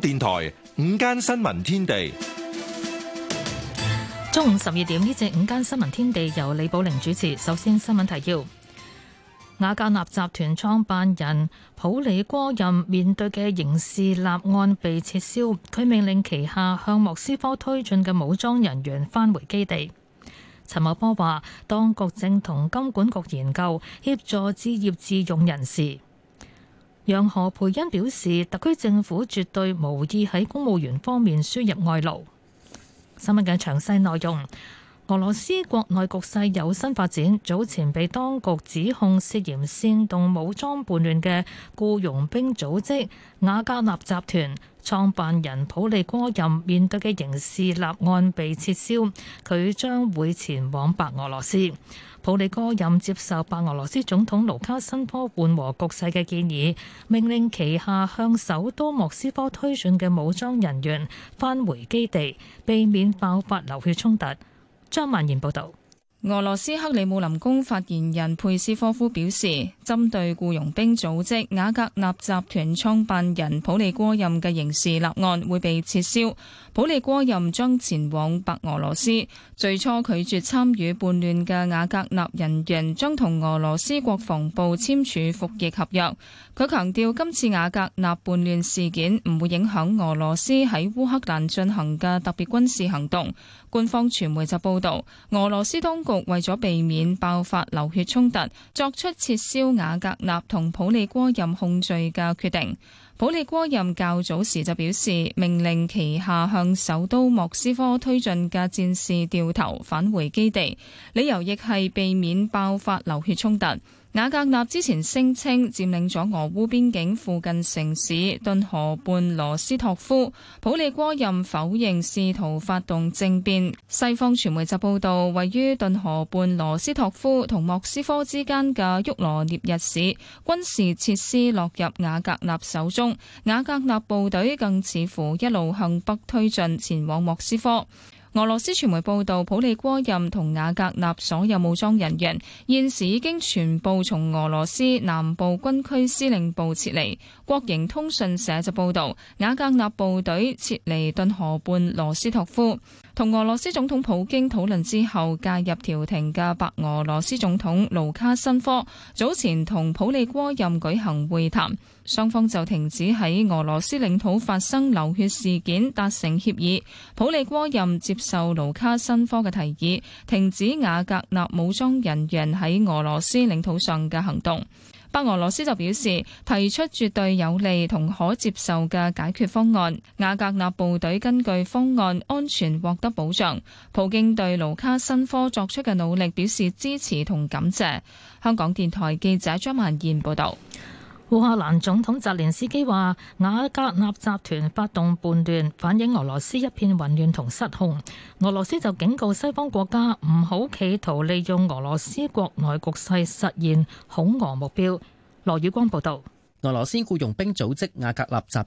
電台五間新聞天地，中午十二點呢隻五間新聞天地由李寶玲主持。首先新聞提要：雅加納集團創辦人普里戈任面對嘅刑事立案被撤銷，佢命令旗下向莫斯科推進嘅武裝人員返回基地。陳茂波話：當局正同金管局研究協助置業自用人士。楊何培恩表示，特區政府絕對無意喺公務員方面輸入外勞。新聞嘅詳細內容，俄羅斯國內局勢有新發展。早前被當局指控涉嫌煽動武裝叛亂嘅僱傭兵組織雅加納集團創辦人普利戈任面對嘅刑事立案被撤銷，佢將會前往白俄羅斯。普里戈任接受白俄羅斯總統盧卡申科緩和局勢嘅建議，命令旗下向首都莫斯科推進嘅武裝人員返回基地，避免爆發流血衝突。張萬賢報道。俄羅斯克里姆林宮發言人佩斯科夫表示，針對僱傭兵組織瓦格納集團創辦人普利戈任嘅刑事立案會被撤銷，普利戈任將前往白俄羅斯。最初拒絕參與叛亂嘅瓦格納人員將同俄羅斯國防部簽署服役合約。佢強調，今次瓦格納叛亂事件唔會影響俄羅斯喺烏克蘭進行嘅特別軍事行動。官方傳媒就報導，俄羅斯當局為咗避免爆發流血衝突，作出撤銷瓦格納同普利戈任控罪嘅決定。普利戈任較早時就表示，命令旗下向首都莫斯科推進嘅戰士掉頭返回基地，理由亦係避免爆發流血衝突。瓦格納之前聲稱佔領咗俄烏邊境附近城市頓河畔羅斯托夫，普利戈任否認試圖發動政變。西方傳媒就報道，位於頓河畔羅斯托夫同莫斯科之間嘅沃羅涅日市軍事設施落入瓦格納手中，瓦格納部隊更似乎一路向北推進，前往莫斯科。俄羅斯傳媒報道，普利戈任同雅格納所有武裝人員現時已經全部從俄羅斯南部軍區司令部撤離。國營通訊社就報道，雅格納部隊撤離頓河畔羅斯托夫。同俄羅斯總統普京討論之後介入調停嘅白俄羅斯總統盧卡申科早前同普利戈任舉行會談。雙方就停止喺俄羅斯領土發生流血事件達成協議。普利戈任接受盧卡申科嘅提議，停止瓦格納武裝人員喺俄羅斯領土上嘅行動。白俄羅斯就表示提出絕對有利同可接受嘅解決方案。瓦格納部隊根據方案安全獲得保障。普京對盧卡申科作出嘅努力表示支持同感謝。香港電台記者張曼燕報道。烏克蘭總統澤連斯基話，瓦格納集團發動叛亂，反映俄羅斯一片混亂同失控。俄羅斯就警告西方國家唔好企圖利用俄羅斯國內局勢實現恐俄目標。羅宇光報道，俄羅斯僱傭兵組織瓦格納集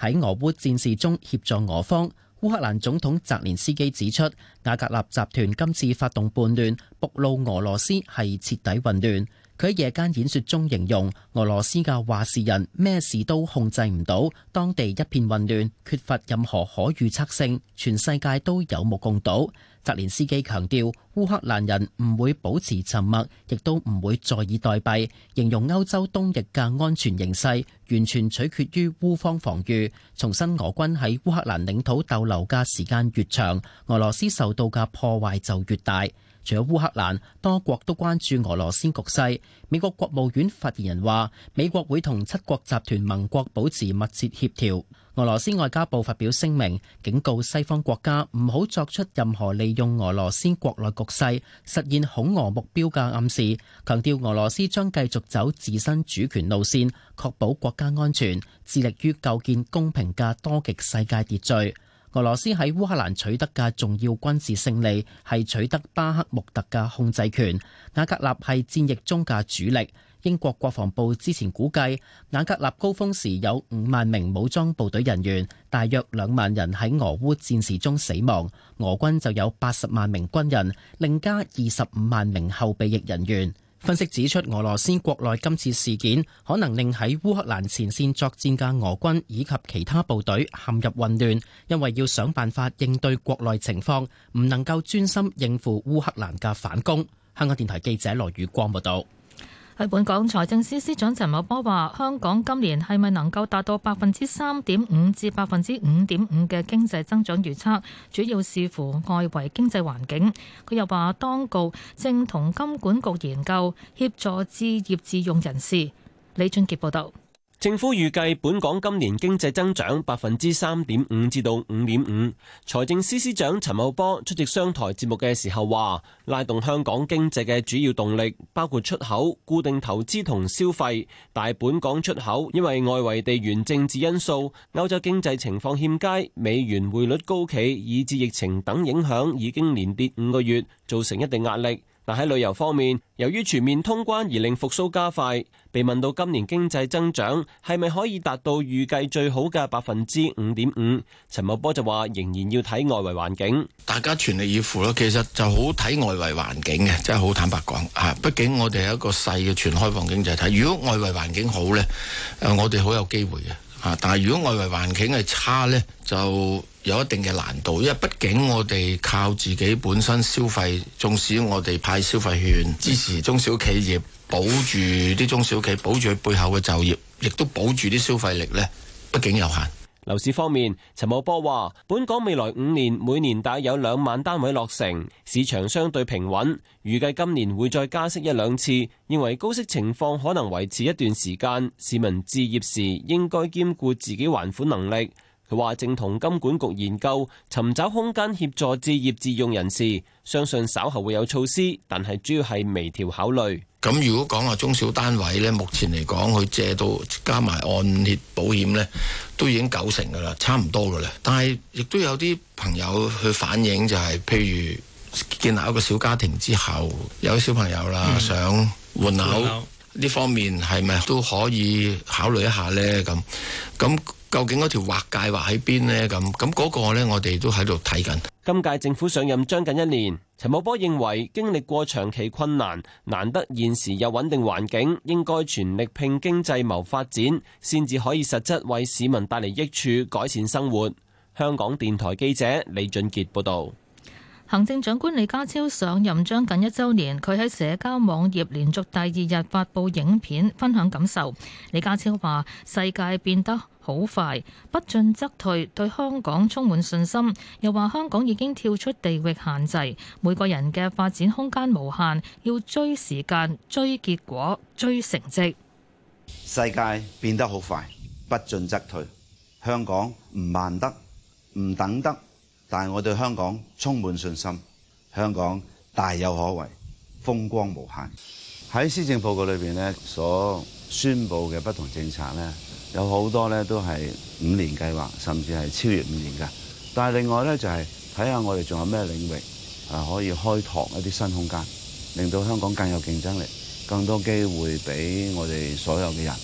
團喺俄烏戰事中協助俄方。烏克蘭總統澤連斯基指出，瓦格納集團今次發動叛亂，暴露俄羅斯係徹底混亂。佢喺夜間演說中形容俄羅斯嘅話事人咩事都控制唔到，當地一片混亂，缺乏任何可預測性，全世界都有目共睹。澤連斯基強調，烏克蘭人唔會保持沉默，亦都唔會坐以待斃，形容歐洲東翼嘅安全形勢完全取決於烏方防禦，重申俄軍喺烏克蘭領土逗留嘅時間越長，俄羅斯受到嘅破壞就越大。除咗烏克蘭，多國都關注俄羅斯局勢。美國國務院發言人話，美國會同七國集團盟國保持密切協調。俄羅斯外交部發表聲明，警告西方國家唔好作出任何利用俄羅斯國內局勢實現恐俄目標嘅暗示，強調俄羅斯將繼續走自身主權路線，確保國家安全，致力於構建公平嘅多極世界秩序。俄羅斯喺烏克蘭取得嘅重要軍事勝利，係取得巴克穆特嘅控制權。瓦格納係戰役中嘅主力。英國國防部之前估計，瓦格納高峰時有五萬名武裝部隊人員，大約兩萬人喺俄烏戰事中死亡。俄軍就有八十萬名軍人，另加二十五萬名後備役人員。分析指出，俄羅斯國內今次事件可能令喺烏克蘭前線作戰嘅俄軍以及其他部隊陷入混亂，因為要想辦法應對國內情況，唔能夠專心應付烏克蘭嘅反攻。香港電台記者羅宇光報道。喺本港，財政司司長陳茂波話香港今年係咪能夠達到百分之三點五至百分之五點五嘅經濟增長預測，主要視乎外圍經濟環境。佢又話當局正同金管局研究協助置業自用人士。李俊杰報道。政府預計本港今年經濟增長百分之三點五至到五點五。財政司司長陳茂波出席商台節目嘅時候話，拉動香港經濟嘅主要動力包括出口、固定投資同消費。但本港出口因為外圍地緣政治因素、歐洲經濟情況欠佳、美元匯率高企以至疫情等影響，已經連跌五個月，造成一定壓力。但喺旅遊方面，由於全面通關而令復甦加快。被問到今年經濟增長係咪可以達到預計最好嘅百分之五點五，陳茂波就話仍然要睇外圍環境，大家全力以赴咯。其實就好睇外圍環境嘅，真係好坦白講嚇。畢竟我哋係一個細嘅全開放經濟體，如果外圍環境好呢，誒我哋好有機會嘅。啊！但係如果外圍環境係差咧，就有一定嘅難度，因為畢竟我哋靠自己本身消費，縱使我哋派消費券支持中小企業，保住啲中小企，保住佢背後嘅就業，亦都保住啲消費力咧，畢竟有限。樓市方面，陳茂波話，本港未來五年每年大約有兩萬單位落成，市場相對平穩。預計今年會再加息一兩次，認為高息情況可能維持一段時間。市民置業時應該兼顧自己還款能力。佢話正同金管局研究尋找空間，協助置業自用人士。相信稍後會有措施，但係主要係微調考慮。咁如果講話中小單位呢，目前嚟講佢借到加埋按揭保險呢，都已經九成噶啦，差唔多噶啦。但係亦都有啲朋友去反映、就是，就係譬如建立一個小家庭之後，有小朋友啦，嗯、想換樓。換樓呢方面係咪都可以考慮一下呢？咁咁究竟嗰條劃界劃喺邊呢？咁咁嗰個呢，我哋都喺度睇緊。今屆政府上任將近一年，陳茂波認為經歷過長期困難，難得現時有穩定環境，應該全力拼經濟謀發展，先至可以實質為市民帶嚟益處，改善生活。香港電台記者李俊傑報道。行政長官李家超上任將近一週年，佢喺社交網頁連續第二日發布影片分享感受。李家超話：世界變得好快，不進則退，對香港充滿信心。又話香港已經跳出地域限制，每個人嘅發展空間無限，要追時間、追結果、追成績。世界變得好快，不進則退。香港唔慢得，唔等得。但係我對香港充滿信心，香港大有可為，風光無限。喺施政報告裏邊咧，所宣布嘅不同政策咧，有好多咧都係五年計劃，甚至係超越五年噶，但係另外咧，就係睇下我哋仲有咩領域啊可以開拓一啲新空間，令到香港更有競爭力，更多機會俾我哋所有嘅人。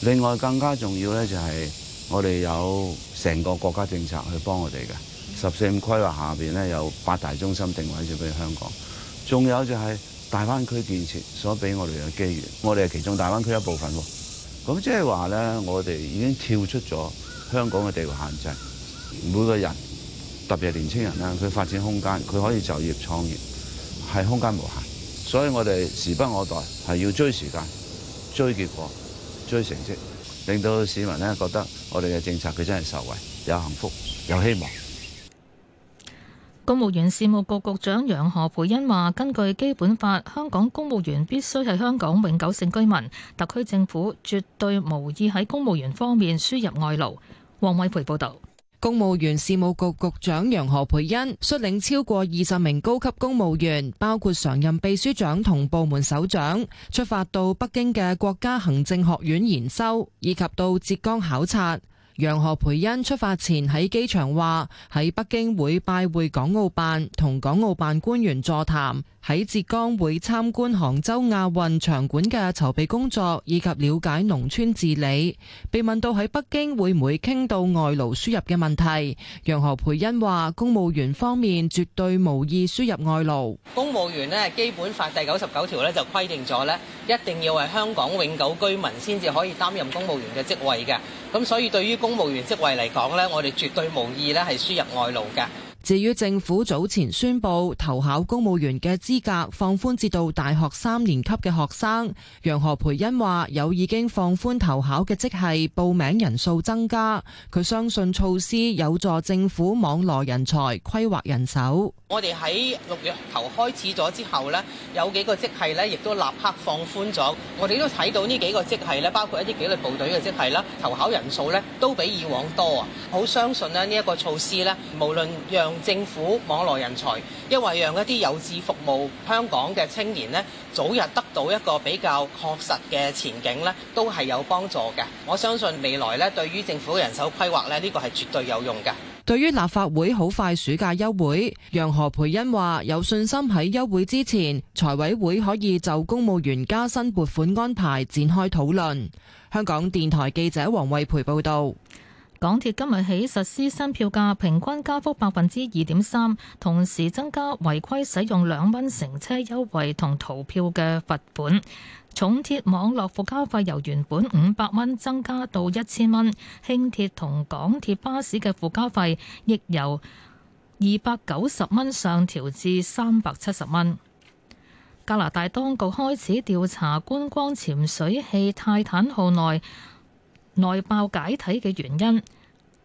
另外更加重要咧，就係我哋有成個國家政策去幫我哋嘅。十四五規劃下邊咧有八大中心定位，就俾香港。仲有就係大灣區建設所俾我哋嘅機遇，我哋係其中大灣區一部分。咁即係話咧，我哋已經跳出咗香港嘅地域限制。每個人特別係年青人啦，佢發展空間，佢可以就業創業，係空間無限，所以我哋時不我待係要追時間追結果，追成績，令到市民咧覺得我哋嘅政策佢真係受惠，有幸福有希望。公務員事務局局長楊何蓓茵話：根據基本法，香港公務員必須係香港永久性居民，特區政府絕對無意喺公務員方面輸入外勞。黃偉培報導，公務員事務局局，局長楊何蓓茵率領超過二十名高級公務員，包括常任秘書長同部門首長，出發到北京嘅國家行政學院研修，以及到浙江考察。楊何培恩出發前喺機場話，喺北京會拜會港澳辦，同港澳辦官員座談。喺浙江會參觀杭州亞運場館嘅籌備工作，以及了解農村治理。被問到喺北京會唔會傾到外勞輸入嘅問題，楊何蓓茵話：公務員方面絕對無意輸入外勞。公務員咧，基本法第九十九條咧就規定咗咧，一定要係香港永久居民先至可以擔任公務員嘅職位嘅。咁所以對於公務員職位嚟講咧，我哋絕對無意咧係輸入外勞嘅。至於政府早前宣布投考公務員嘅資格放寬至到大學三年級嘅學生，楊何培恩話有已經放寬投考嘅職系，報名人數增加，佢相信措施有助政府網羅人才、規劃人手。我哋喺六月頭開始咗之後，呢有幾個職系呢亦都立刻放寬咗，我哋都睇到呢幾個職系咧，包括一啲紀律部隊嘅職系啦，投考人數呢都比以往多啊，好相信咧呢一個措施呢，無論讓政府網羅人才，因為讓一啲有志服務香港嘅青年咧，早日得到一個比較確實嘅前景咧，都係有幫助嘅。我相信未來咧，對於政府人手規劃咧，呢、呢個係絕對有用嘅。對於立法會好快暑假休會，楊何培恩話有信心喺休會之前，財委會可以就公務員加薪撥款安排展開討論。香港電台記者黃慧培報道。港鐵今日起實施新票價，平均加幅百分之二點三，同時增加違規使用兩蚊乘車優惠同逃票嘅罰款。重鐵網絡附加費由原本五百蚊增加到一千蚊，輕鐵同港鐵巴士嘅附加費亦由二百九十蚊上調至三百七十蚊。加拿大當局開始調查觀光潛水器泰坦號內內爆解體嘅原因，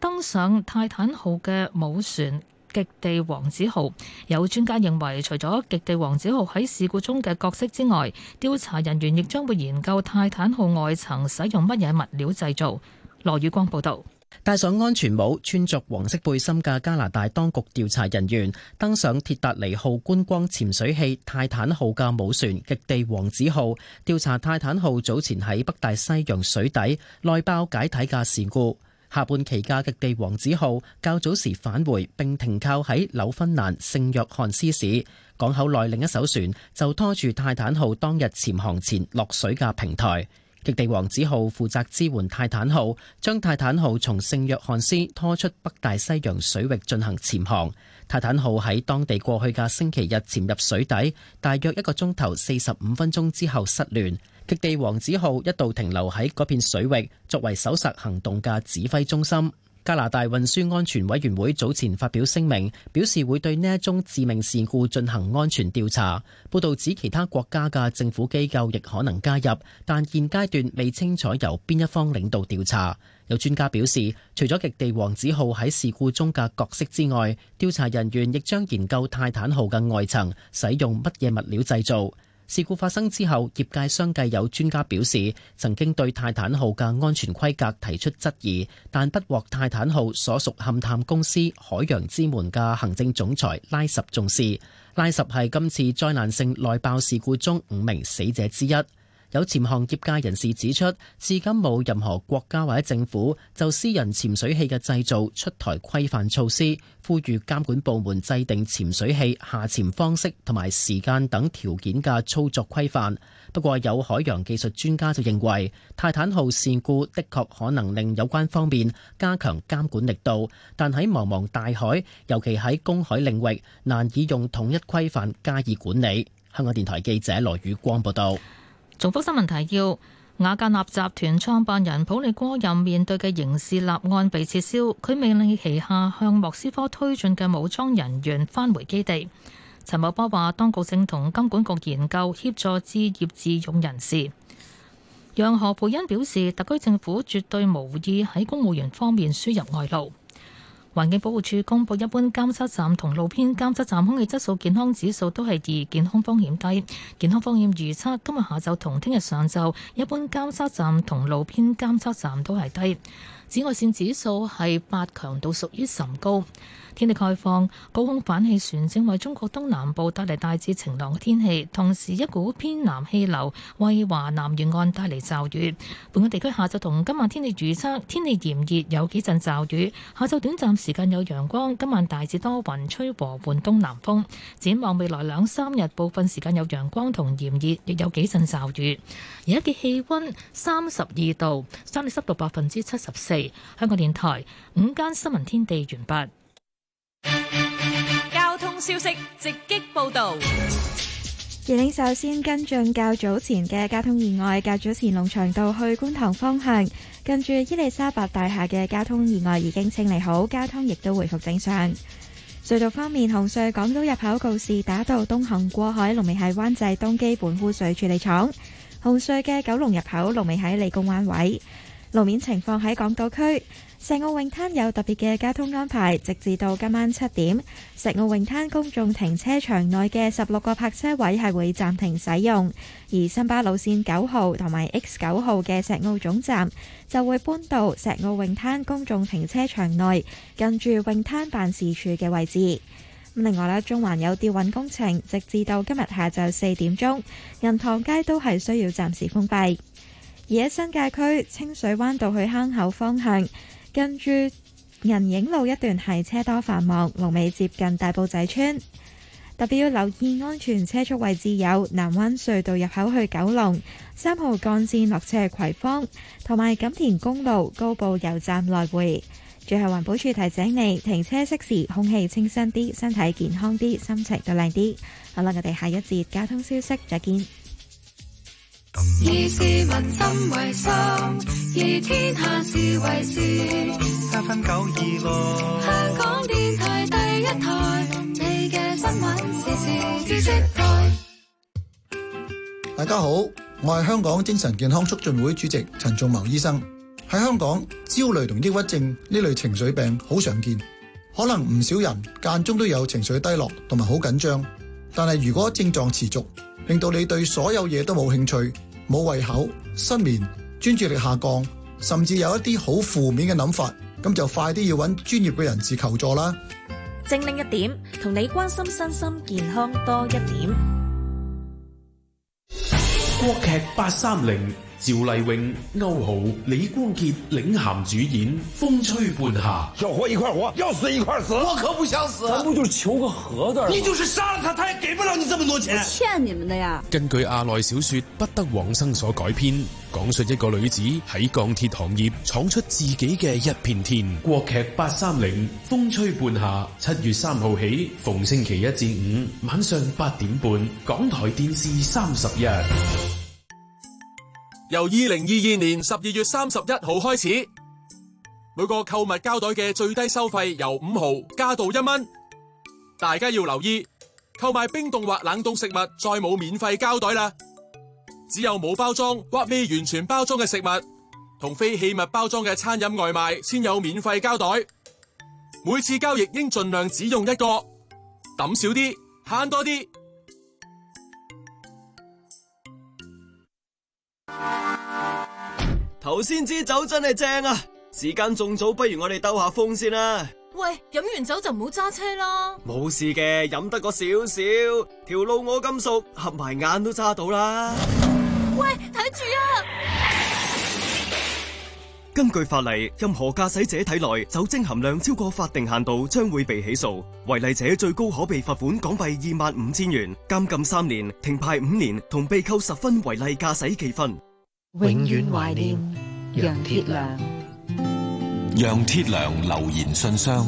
登上泰坦號嘅母船極地王子號，有專家認為，除咗極地王子號喺事故中嘅角色之外，調查人員亦將會研究泰坦號外層使用乜嘢物料製造。羅宇光報道。戴上安全帽、穿着黃色背心嘅加拿大當局調查人員登上鐵達尼號觀光潛水器泰坦號嘅母船極地王子號，調查泰坦號早前喺北大西洋水底內爆解體嘅事故。下半期嘅極地王子號較早時返回，並停靠喺紐芬蘭聖約翰斯市港口內另一艘船，就拖住泰坦號當日潛航前落水嘅平台。極地王子號負責支援泰坦號，將泰坦號從聖約翰斯拖出北大西洋水域進行潛航。泰坦號喺當地過去嘅星期日潛入水底，大約一個鐘頭四十五分鐘之後失聯。極地王子號一度停留喺嗰片水域作為搜索行動嘅指揮中心。加拿大運輸安全委員會早前發表聲明，表示會對呢一宗致命事故進行安全調查。報道指其他國家嘅政府機構亦可能加入，但現階段未清楚由邊一方領導調查。有專家表示，除咗極地王子號喺事故中嘅角色之外，調查人員亦將研究泰坦號嘅外層使用乜嘢物料製造。事故發生之後，業界相繼有專家表示，曾經對泰坦號嘅安全規格提出質疑，但不獲泰坦號所屬勘探公司海洋之門嘅行政總裁拉什重視。拉什係今次災難性內爆事故中五名死者之一。有潛航業界人士指出，至今冇任何國家或者政府就私人潛水器嘅製造出台規範措施，呼籲監管部門制定潛水器下潛方式同埋時間等條件嘅操作規範。不過，有海洋技術專家就認為，泰坦號事故的確可能令有關方面加強監管力度，但喺茫茫大海，尤其喺公海領域，難以用統一規範加以管理。香港電台記者羅宇光報道。重複新聞提要：雅加納集團創辦人普利戈任面對嘅刑事立案被撤銷，佢命令旗下向莫斯科推進嘅武裝人員返回基地。陳茂波話，當局正同金管局研究協助置業自用人士。楊何培恩表示，特區政府絕對無意喺公務員方面輸入外勞。環境保護署公布，一般監測站同路邊監測站空氣質素健康指數都係二，健康風險低。健康風險預測今日下晝同聽日上晝，一般監測站同路邊監測站都係低。紫外綫指數係八，強度屬於甚高。天氣概況，高空反氣旋正為中國東南部帶嚟大致晴朗嘅天氣，同時一股偏南氣流為華南沿岸帶嚟驟雨。本港地區下晝同今晚天氣預測，天氣炎熱，有幾陣驟雨。下晝短暫時間有陽光，今晚大致多雲，吹和緩東南風。展望未來兩三日，部分時間有陽光同炎熱，亦有幾陣驟雨。而家嘅氣溫三十二度，相對濕度百分之七十四。香港電台午間新聞天地完畢。交通消息直擊報道。葉玲首先跟進較早前嘅交通意外，較早前龍翔道去觀塘方向，近住伊利沙伯大廈嘅交通意外已經清理好，交通亦都回復正常。隧道方面，紅隧港島入口告士打道東行過海，龍尾喺灣仔東基本污水處理廠；紅隧嘅九龍入口龍尾喺利公灣位，路面情況喺港島區。石澳泳灘有特別嘅交通安排，直至到今晚七點。石澳泳灘公眾停車場內嘅十六個泊車位係會暫停使用，而新巴路綫九號同埋 X 九號嘅石澳總站就會搬到石澳泳灘公眾停車場內，近住泳灘辦事處嘅位置。另外啦，中環有吊運工程，直至到今日下晝四點鐘，銀塘街都係需要暫時封閉。而喺新界區清水灣道去坑口方向。跟住銀影路一段係車多繁忙，龍尾接近大埔仔村，特別要留意安全車速，位置有南灣隧道入口去九龍三號幹線落車葵芳，同埋錦田公路高埗油站來回。最後環保署提醒你停車熄匙，空氣清新啲，身體健康啲，心情都靚啲。好啦，我哋下一節交通消息再見。以市民心為心，天下事為事，三分九二。香港電台第一台，嗯、你嘅新聞時事知識台。大家好，我係香港精神健康促進會主席陳仲謀醫生。喺香港，焦慮同抑鬱症呢類情緒病好常見，可能唔少人間中都有情緒低落同埋好緊張。但係如果症狀持續，令到你對所有嘢都冇興趣、冇胃口、失眠。專注力下降，甚至有一啲好負面嘅諗法，咁就快啲要揾專業嘅人士求助啦。正另一點，同你關心身心健康多一點。國劇八三零。趙麗穎、歐豪、李光潔領銜主演《風吹半夏》，要活一塊兒活，要死一塊兒死，我可不想死。咱不就求個和字？你就是殺了他，他也給不了你這麼多錢，我欠你們的呀。根據阿耐小說《不得往生》所改編，講述一個女子喺鋼鐵行業闖出自己嘅一片天。國劇八三零《風吹半夏》，七月三號起，逢星期一至五晚上八點半，港台電視三十一。由2022年12月31號開始，每個購物膠袋嘅最低收費由5毫加到1蚊。大家要留意，購買冰凍或冷凍食物再冇免費膠袋啦。只有冇包裝，或未完全包裝嘅食物，同非器物包裝嘅餐飲外賣先有免費膠袋。每次交易應盡量只用一個，揼少啲,慳多啲，頭先支酒真係正啊！時間仲早，不如我哋兜下風先啦啊。喂，飲完酒就唔好揸車啦。冇事嘅，飲得個少少，條路我咁熟，合埋眼都揸到啦。喂，睇住啊！根據法例，任何駕駛者體內酒精含量超過法定限度，將會被起訴。違例者最高可被罰款港幣二萬五千元、監禁三年、停牌五年同被扣十分違例駕駛記分。永遠懷念楊鐵樑，楊鐵樑留言信箱。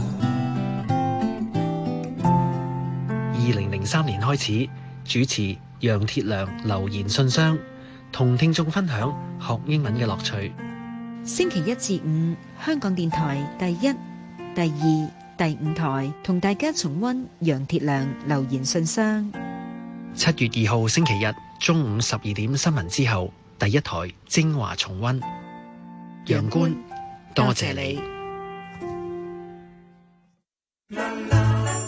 二零零三年開始主持《楊鐵樑留言信箱》，同聽眾分享學英文嘅樂趣。星期一至五，香港電台第一、第二、第五台同大家重温《楊鐵樑留言信箱》。七月二號星期日中午十二點新聞之後。第一台精華重温，楊官多謝你。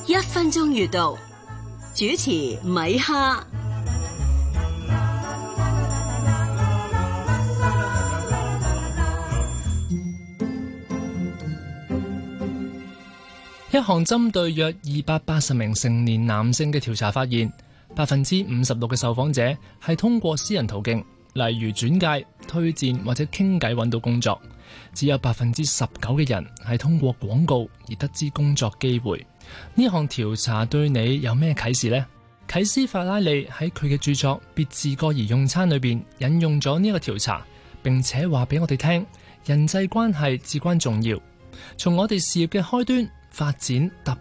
一分鐘閱讀，主持米哈。 一項針對約二百八十名成年男性嘅調查發現，百分之五十六嘅受訪者係通過私人途徑。例如轉介、推薦或者傾偈，搵到工作。只有百分之十九嘅人係通過廣告而得知工作機會。呢項調查對你有咩啟示呢？啟斯法拉利喺佢嘅著作《別自個兒用餐》裏邊引用咗呢個調查，並且話俾我哋聽，人際關係至關重要。從我哋事業嘅開端發展突